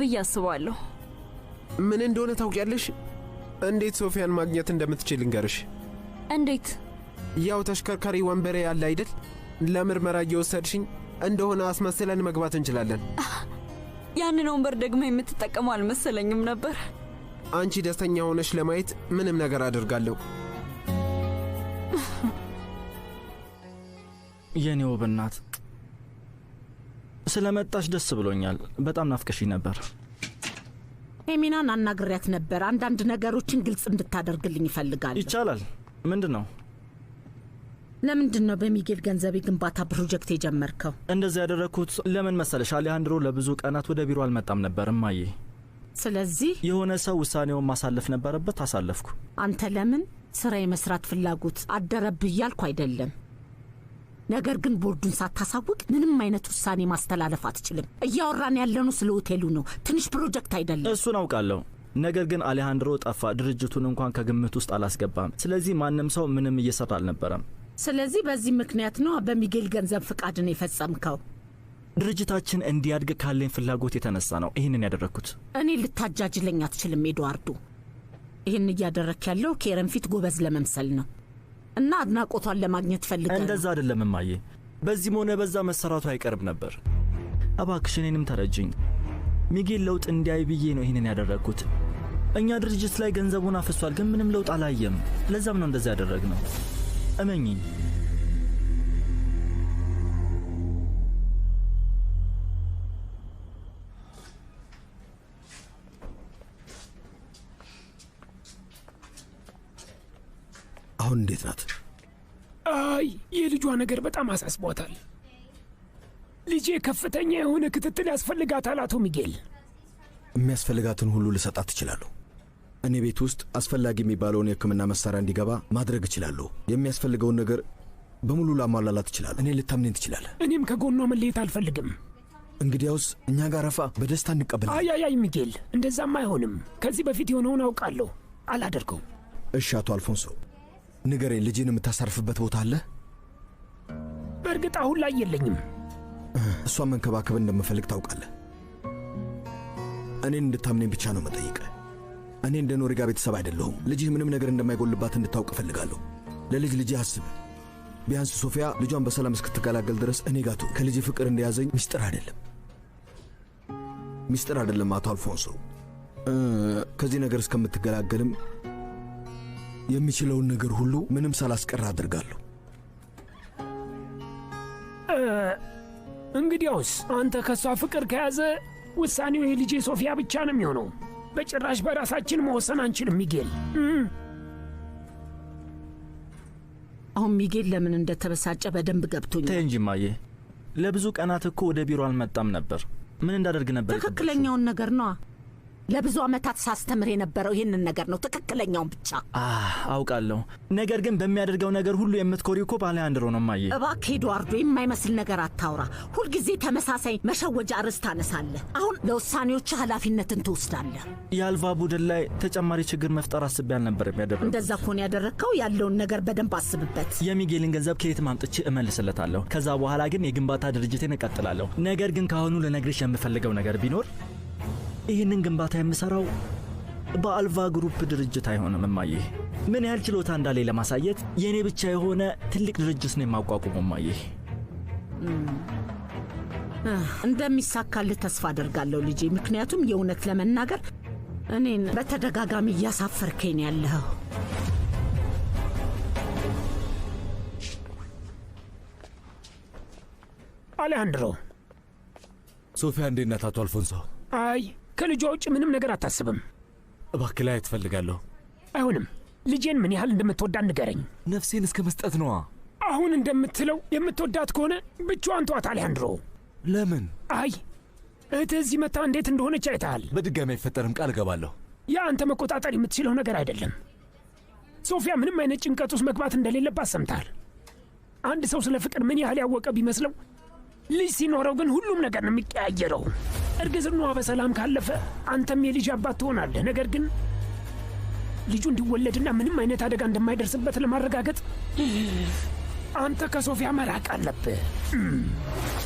ብዬ አስባለሁ። ምን እንደሆነ ታውቂያለሽ? እንዴት ሶፊያን ማግኘት እንደምትችል እንገርሽ። እንዴት? ያው ተሽከርካሪ ወንበሬ ያለ አይደል? ለምርመራ እየወሰድሽኝ እንደሆነ አስመስለን መግባት እንችላለን። ያንን ወንበር ደግሞ የምትጠቀመው አልመሰለኝም ነበር። አንቺ ደስተኛ ሆነሽ ለማየት ምንም ነገር አድርጋለሁ። የኔ ውብ እናት ስለመጣሽ ደስ ብሎኛል። በጣም ናፍቀሽ ነበር። ኤሚናን አናግሪያት ነበር። አንዳንድ ነገሮችን ግልጽ እንድታደርግልኝ ይፈልጋል። ይቻላል። ምንድን ነው? ለምንድን ነው በሚጌል ገንዘብ ግንባታ ፕሮጀክት የጀመርከው? እንደዚህ ያደረግኩት ለምን መሰለሽ? አሊያንድሮ ለብዙ ቀናት ወደ ቢሮ አልመጣም ነበር እማዬ። ስለዚህ የሆነ ሰው ውሳኔውን ማሳለፍ ነበረበት፣ አሳለፍኩ። አንተ ለምን ስራ የመስራት ፍላጎት አደረብህ እያልኩ አይደለም ነገር ግን ቦርዱን ሳታሳውቅ ምንም አይነት ውሳኔ ማስተላለፍ አትችልም። እያወራን ያለኑ ስለ ሆቴሉ ነው፣ ትንሽ ፕሮጀክት አይደለም። እሱን አውቃለሁ። ነገር ግን አሌሃንድሮ ጠፋ። ድርጅቱን እንኳን ከግምት ውስጥ አላስገባም። ስለዚህ ማንም ሰው ምንም እየሰራ አልነበረም። ስለዚህ በዚህ ምክንያት ነው በሚጌል ገንዘብ ፍቃድን የፈጸምከው። ድርጅታችን እንዲያድግ ካለኝ ፍላጎት የተነሳ ነው ይህንን ያደረግኩት። እኔ ልታጃጅለኝ አትችልም ኤድዋርዱ። ይህን እያደረክ ያለው ኬረን ፊት ጎበዝ ለመምሰል ነው። እና አድናቆቷን ለማግኘት ፈልገ እንደዛ አይደለም እማዬ። በዚህም ሆነ በዛ መሰራቱ አይቀርም ነበር። እባክሽ እኔንም ተረጅኝ። ሚጌል ለውጥ እንዲያይ ብዬ ነው ይህንን ያደረግኩት። እኛ ድርጅት ላይ ገንዘቡን አፍሷል፣ ግን ምንም ለውጥ አላየም። ለዛም ነው ያደረግ ያደረግነው። እመኝኝ። አሁን እንዴት ናት? አይ የልጇ ነገር በጣም አሳስቧታል። ልጄ ከፍተኛ የሆነ ክትትል ያስፈልጋታል። አቶ ሚጌል የሚያስፈልጋትን ሁሉ ልሰጣት ትችላለሁ። እኔ ቤት ውስጥ አስፈላጊ የሚባለውን የሕክምና መሳሪያ እንዲገባ ማድረግ እችላለሁ። የሚያስፈልገውን ነገር በሙሉ ላሟላላት እችላለሁ። እኔ ልታምኔን ትችላለህ። እኔም ከጎኗ መለየት አልፈልግም። እንግዲያውስ እኛ ጋር አረፋ በደስታ እንቀበል። አያያይ ሚጌል፣ እንደዛም አይሆንም። ከዚህ በፊት የሆነውን አውቃለሁ፣ አላደርገውም። እሺ አቶ አልፎንሶ ንገሬ ልጅን የምታሳርፍበት ቦታ አለ? በእርግጥ አሁን ላይ የለኝም። እሷን መንከባከብ እንደምፈልግ ታውቃለህ። እኔን እንድታምነኝ ብቻ ነው መጠይቅ። እኔ እንደ ኖሪጋ ቤተሰብ አይደለሁም። ልጅህ ምንም ነገር እንደማይጎልባት እንድታውቅ እፈልጋለሁ። ለልጅ ልጅ አስብ። ቢያንስ ሶፊያ ልጇን በሰላም እስክትገላገል ድረስ እኔ ጋቱ ከልጅ ፍቅር እንደያዘኝ ሚስጥር አይደለም ሚስጥር አይደለም አቶ አልፎንሶ። ከዚህ ነገር እስከምትገላገልም የሚችለውን ነገር ሁሉ ምንም ሳላስቀር አድርጋለሁ። እንግዲያውስ አንተ ከእሷ ፍቅር ከያዘ ውሳኔው የልጄ ሶፊያ ብቻ ነው የሚሆነው። በጭራሽ በራሳችን መወሰን አንችልም ሚጌል። አሁን ሚጌል ለምን እንደተበሳጨ በደንብ ገብቶኛል። ተይ እንጂ እማዬ፣ ለብዙ ቀናት እኮ ወደ ቢሮ አልመጣም ነበር። ምን እንዳደርግ ነበር? ትክክለኛውን ነገር ነዋ። ለብዙ ዓመታት ሳስተምር የነበረው ይህንን ነገር ነው፣ ትክክለኛውን ብቻ። አውቃለሁ። ነገር ግን በሚያደርገው ነገር ሁሉ የምትኮሪው እኮ አሌሃንድሮ ነው። ማየ እባክህ ኤድዋርዶ፣ የማይመስል ነገር አታውራ። ሁልጊዜ ተመሳሳይ መሸወጃ ርዕስ ታነሳለህ። አሁን ለውሳኔዎች ኃላፊነትን ትወስዳለህ። የአልቫ ቡድን ላይ ተጨማሪ ችግር መፍጠር አስቤ አልነበር ያደረገው። እንደዛ ከሆነ ያደረግከው ያለውን ነገር በደንብ አስብበት። የሚጌልን ገንዘብ ከየት አምጥቼ እመልስለታለሁ። ከዛ በኋላ ግን የግንባታ ድርጅቴን እቀጥላለሁ። ነገር ግን ከአሁኑ ልነግርሽ የምፈልገው ነገር ቢኖር ይህንን ግንባታ የምሰራው በአልቫ ግሩፕ ድርጅት አይሆንም እማዬ። ምን ያህል ችሎታ እንዳለኝ ለማሳየት የእኔ ብቻ የሆነ ትልቅ ድርጅት ነው የማቋቁመው እማዬ። እንደሚሳካልህ ተስፋ አደርጋለሁ ልጄ። ምክንያቱም የእውነት ለመናገር እኔን በተደጋጋሚ እያሳፈርከኝ ነው ያለኸው። አሌሃንድሮ ሶፊያ፣ እንዴት ናት? አቶ አልፎንሶ። አይ ከልጇ ውጭ ምንም ነገር አታስብም። እባክህ ላይ ትፈልጋለሁ። አይሆንም። ልጄን ምን ያህል እንደምትወዳ ንገረኝ። ነፍሴን እስከ መስጠት ነዋ። አሁን እንደምትለው የምትወዳት ከሆነ ብቻዋን ተዋት አሊያንድሮ። ለምን? አይ እህትህ እዚህ መታ እንዴት እንደሆነች አይተሃል። በድጋሚ አይፈጠርም፣ ቃል እገባለሁ። ያ አንተ መቆጣጠር የምትችለው ነገር አይደለም። ሶፊያ ምንም አይነት ጭንቀት ውስጥ መግባት እንደሌለባት ሰምተሃል። አንድ ሰው ስለ ፍቅር ምን ያህል ያወቀ ቢመስለው ልጅ ሲኖረው ግን ሁሉም ነገር ነው የሚቀያየረው። እርግዝናዋ በሰላም ካለፈ አንተም የልጅ አባት ትሆናለህ። ነገር ግን ልጁ እንዲወለድና ምንም አይነት አደጋ እንደማይደርስበት ለማረጋገጥ አንተ ከሶፊያ መራቅ አለብህ።